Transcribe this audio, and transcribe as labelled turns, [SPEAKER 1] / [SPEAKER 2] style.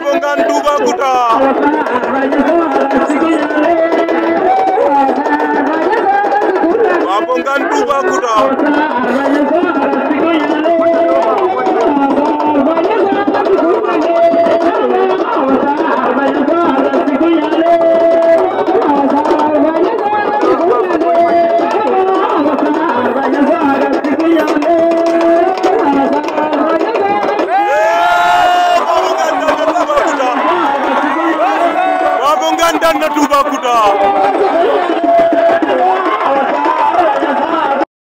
[SPEAKER 1] Mbabongaan Toubacouta Mbabongaan Toubacouta
[SPEAKER 2] Ndangaan
[SPEAKER 3] daan na Toubacouta